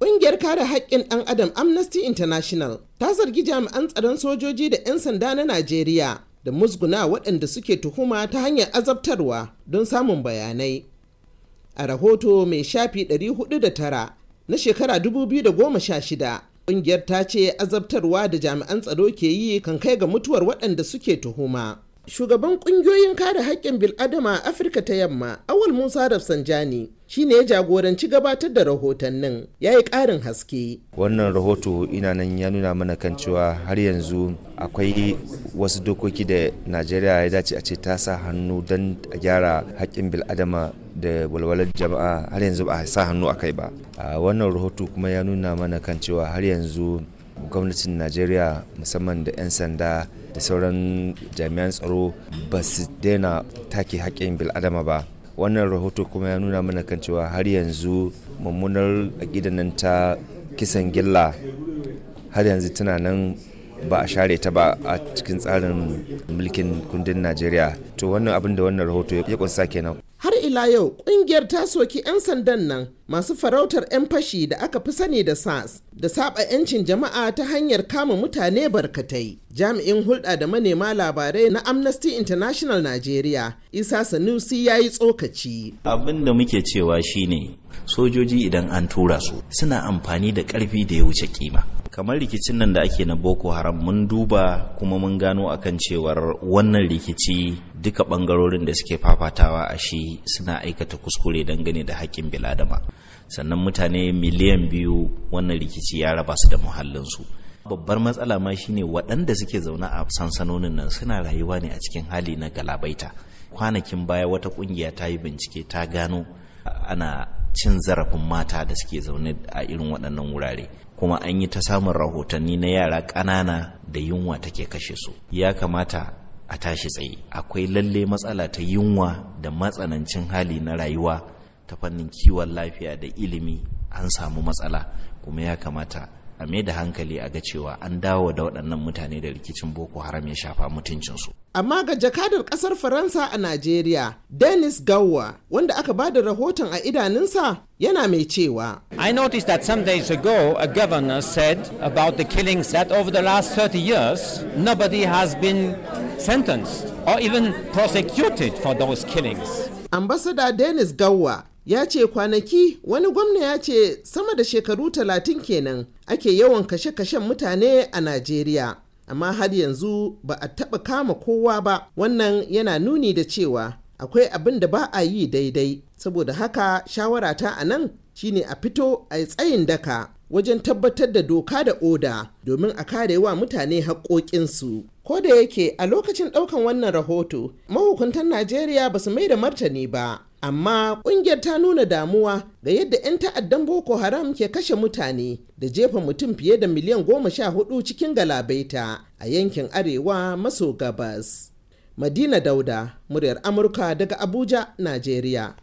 Ƙungiyar kare haƙƙin ɗan Adam Amnesty International ta zargi jami'an tsaron sojoji da 'yan sanda na Najeriya da musguna waɗanda suke tuhuma ta hanyar azabtarwa don samun bayanai. A rahoto mai shafi 409 na shekara 2016 ƙungiyar ta ce azabtarwa da jami'an tsaro ke yi kan kai ga mutuwar waɗanda suke tuhuma. Shugaban ƙungiyoyin kare haƙƙin bil'adama a Afirka ta Yamma, Awal Musa Rafsanjani, shine ya jagoranci gabatar da rahotannin ya yi ƙarin haske. Wannan rahoto ina nan ya nuna mana kan cewa har yanzu akwai wasu dokoki da Najeriya ya dace a ce ta sa hannu don a gyara haƙƙin bil'adama da walwalar jama'a har yanzu ba a sa hannu a kai ba. Wannan rahoto kuma ya nuna mana kan cewa har yanzu gwamnatin najeriya musamman da 'yan sanda da sauran jami'an tsaro ba su daina take haƙƙin bil'adama ba wannan rahoto kuma ya nuna mana kan cewa har yanzu mummunar aƙidan nan ta kisan gilla har yanzu tana nan ba a share ta ba a cikin tsarin mulkin kundin najeriya to wannan abin da wannan rahoto ya kunsa kenan har ila yau kungiyar ta soki 'yan sandan nan masu farautar 'yan fashi da aka fi sani da Sars da saba 'yancin jama'a ta hanyar kama mutane barkatai jami'in hulɗa da manema labarai na amnesty international nigeria isa sanusi ya yi tsokaci abin da muke cewa shine sojoji idan an tura su suna amfani da ƙarfi da ya wuce kima kamar rikicin nan da ake na boko haram mun duba kuma mun gano akan cewar wannan rikici duka bangarorin da suke fafatawa a shi suna aikata kuskure dangane da haƙƙin biladama sannan mutane miliyan biyu wannan rikici ya raba su da muhallinsu babbar matsala ma shine waɗanda suke zaune a sansanonin nan suna rayuwa ne a cikin hali na galabaita kwanakin baya wata ƙungiya ta yi bincike ta gano ana cin zarafin mata da suke zaune a irin waɗannan wurare kuma an yi ta samun rahotanni na yara ƙanana da yunwa take kashe su ya kamata a tashi tsaye akwai lalle matsala ta yunwa da matsanancin hali na rayuwa ta fannin kiwon lafiya da ilimi an samu matsala kuma ya kamata a mai da hankali a ga cewa an dawo da waɗannan mutane da rikicin boko haram ya shafa mutuncinsu. amma ga jakadar ƙasar faransa a najeriya denis gawwa wanda aka ba da rahoton a idanunsa yana mai cewa i noticed that some days ago a governor said about the killings that over the last 30 years nobody has been sentenced or even prosecuted for those killings ambassador denis gawwa ya ce kwanaki wani gwamna ya ce sama da shekaru talatin kenan ake yawan kashe-kashen mutane a najeriya amma har yanzu ba a taɓa kama kowa ba wannan yana nuni da cewa akwai abin da ba a yi daidai saboda haka shawarata a nan shine a fito a tsayin daka wajen tabbatar da doka da oda domin a karewa mutane haƙoƙinsu. Ko da yake a lokacin ɗaukan wannan rahoto, mahukuntan Najeriya ba su mai da martani ba, amma ƙungiyar ta nuna damuwa ga yadda 'yan ta'addan boko haram ke kashe mutane da jefa mutum fiye da miliyan goma sha hudu cikin galabaita a yankin arewa maso gabas madina dauda muryar amurka daga abuja najeriya